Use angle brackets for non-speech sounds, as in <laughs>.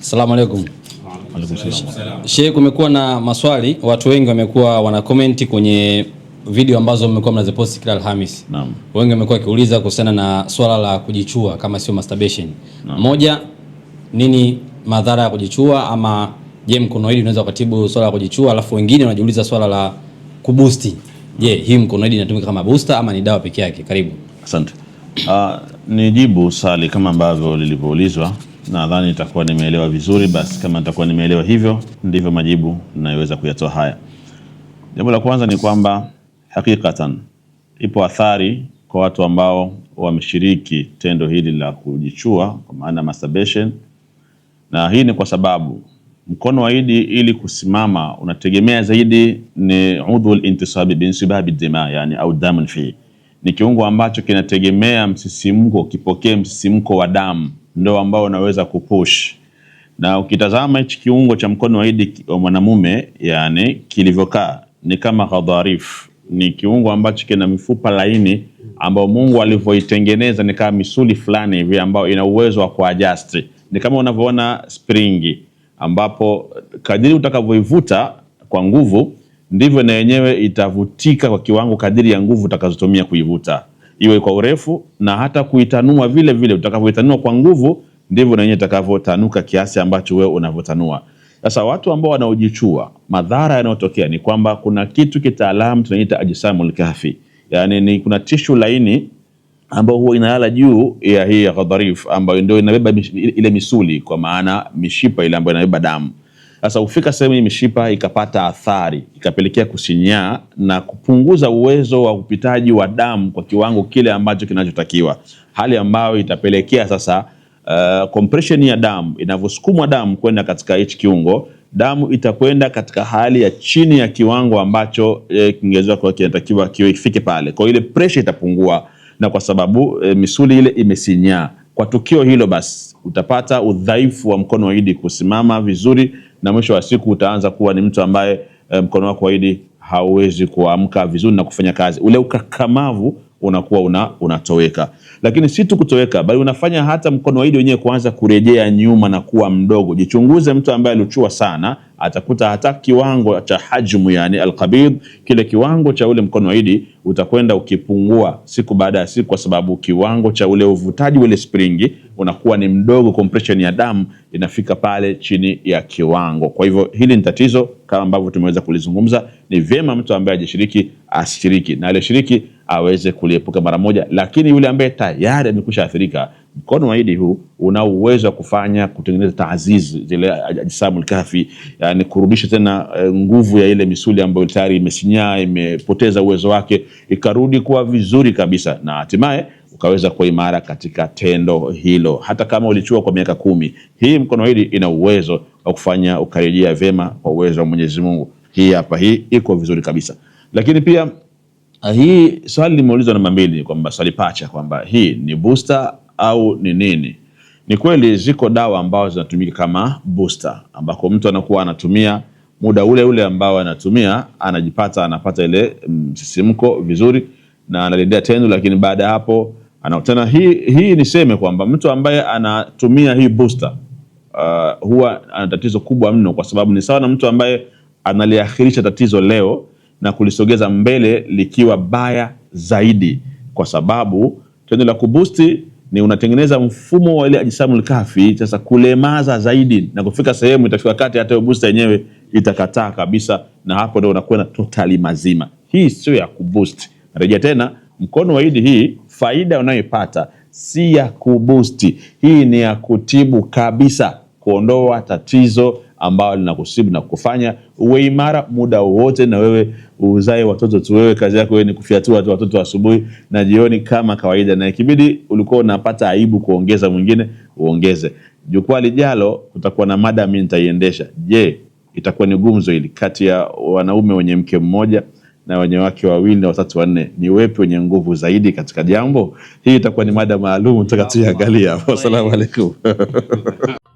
Asalamu alaykum. Sheikh, kumekuwa na maswali, watu wengi wamekuwa wana comment kwenye video ambazo mmekuwa mnaziposti kila alhamis Naam. Wengi wamekuwa wakiuliza kuhusiana na swala la kujichua kama sio masturbation. Naam. Moja, nini madhara ya kujichua ama je, mkono hili unaweza kutibu swala la kujichua? Alafu wengine wanajiuliza swala la kubusti. Je, hii mkono hili inatumika kama booster ama ni dawa peke yake? Karibu. Asante. Uh, nijibu swali kama ambavyo lilivyoulizwa. Nadhani nitakuwa nimeelewa vizuri. Basi kama nitakuwa nimeelewa hivyo, ndivyo majibu nayoweza kuyatoa haya. Jambo la kwanza ni kwamba hakikatan ipo athari kwa watu ambao wameshiriki tendo hili la kujichua, kwa maana masturbation, na hii ni kwa sababu mkono wa idi ili kusimama unategemea zaidi ni udhul intisabi binsibabi dima, yani au damun fi ni kiungo ambacho kinategemea msisimko, kipokee msisimko wa damu, ndo ambao unaweza kupush. Na ukitazama hichi kiungo cha mkono wa idi wa mwanamume, yani kilivyokaa ni kama ghadharif, ni kiungo ambacho kina mifupa laini ambao Mungu alivyoitengeneza ni kama misuli fulani hivi ambayo ina uwezo wa kuadjust, ni kama unavyoona springi, ambapo kadiri utakavyoivuta kwa nguvu ndivyo na yenyewe itavutika kwa kiwango kadiri ya nguvu utakazotumia kuivuta, iwe kwa urefu na hata kuitanua vile vile. Utakavyoitanua kwa nguvu, ndivyo na yenyewe itakavyotanuka kiasi ambacho wewe unavyotanua. Sasa watu ambao wanaojichua, madhara yanayotokea ni kwamba kuna kitu kitaalamu tunaita ajsamul kahfi, yani ni kuna tishu laini ambayo huwa inalala juu ya hii ghadharif, ambayo ndio inabeba ile misuli, kwa maana mishipa ile ambayo inabeba damu sasa hufika sehemu hii mishipa ikapata athari ikapelekea kusinyaa na kupunguza uwezo wa upitaji wa damu kwa kiwango kile ambacho kinachotakiwa, hali ambayo itapelekea sasa uh, compression ya damu inavyosukumwa damu kwenda katika hichi kiungo, damu itakwenda katika hali ya chini ya kiwango ambacho eh, kingeweza kwa kinatakiwa kiwe ifike pale. Kwa ile pressure itapungua, na kwa sababu eh, misuli ile imesinyaa kwa tukio hilo basi utapata udhaifu wa mkono wa Idi kusimama vizuri, na mwisho wa siku utaanza kuwa ni mtu ambaye eh, mkono wako wa Idi hauwezi kuamka vizuri na kufanya kazi. Ule ukakamavu unakuwa una, unatoweka. Lakini si tu kutoweka, bali unafanya hata mkono wa Idi wenyewe kuanza kurejea nyuma na kuwa mdogo. Jichunguze mtu ambaye alichua sana atakuta hata kiwango cha hajmu, yani alqabid, kile kiwango cha ule mkono wa idi utakwenda ukipungua siku baada ya siku, kwa sababu kiwango cha ule uvutaji ule springi unakuwa ni mdogo, compression ya damu inafika pale chini ya kiwango. Kwa hivyo hili ni tatizo kama ambavyo tumeweza kulizungumza. Ni vyema mtu ambaye hajashiriki ashiriki, na aliyeshiriki aweze kuliepuka mara moja, lakini yule ambaye tayari amekwisha athirika Mkono wa Idi huu una uwezo wa kufanya kutengeneza taazizi zile ajsamul kafi, yani kurudisha tena eh, nguvu ya ile misuli ambayo tayari imesinyaa, imepoteza uwezo wake, ikarudi kuwa vizuri kabisa, na hatimaye ukaweza kuwa imara katika tendo hilo, hata kama ulichua kwa miaka kumi. Hii mkono wa Idi ina uwezo wa kufanya ukarejea vyema kwa uwezo wa Mwenyezi Mungu. Hii hapa, hii iko vizuri kabisa, lakini pia ah, hii swali limeulizwa namba mbili, kwamba swali pacha, kwamba hii ni booster au ni nini? Ni kweli ziko dawa ambazo zinatumika kama booster, ambako mtu anakuwa anatumia muda ule ule ambao anatumia, anajipata anapata ile mm, msisimko vizuri na analendea tendo, lakini baada ya hapo anaotana. Hii, hii niseme kwamba mtu ambaye anatumia hii booster uh, huwa ana tatizo kubwa mno, kwa sababu ni sawa na mtu ambaye analiakhirisha tatizo leo na kulisogeza mbele likiwa baya zaidi, kwa sababu tendo la kubusti ni unatengeneza mfumo wa ile ajisamul kafi sasa kulemaza zaidi na kufika sehemu itafika kati hata hiyo booster yenyewe itakataa kabisa, na hapo ndio unakwenda totali mazima. Hii sio ya kuboost. Narejea tena mkono wa idi, hii faida unayoipata si ya kuboost, hii ni ya kutibu kabisa, kuondoa tatizo ambalo linakusibu na kufanya uwe imara muda wowote, na wewe uzae watoto tu. Wewe kazi yako wewe ni kufyatua tu watoto asubuhi na jioni kama kawaida, na ikibidi ulikuwa unapata aibu kuongeza mwingine uongeze. Jukwaa lijalo kutakuwa na mada, mimi nitaiendesha. Je, itakuwa ni gumzo hili kati ya wanaume wenye mke mmoja na wenye wake wawili na watatu wanne, ni wepi wenye nguvu zaidi katika jambo hii? Itakuwa ni mada maalum, tutaka hapo. Asalamu alaykum. <laughs>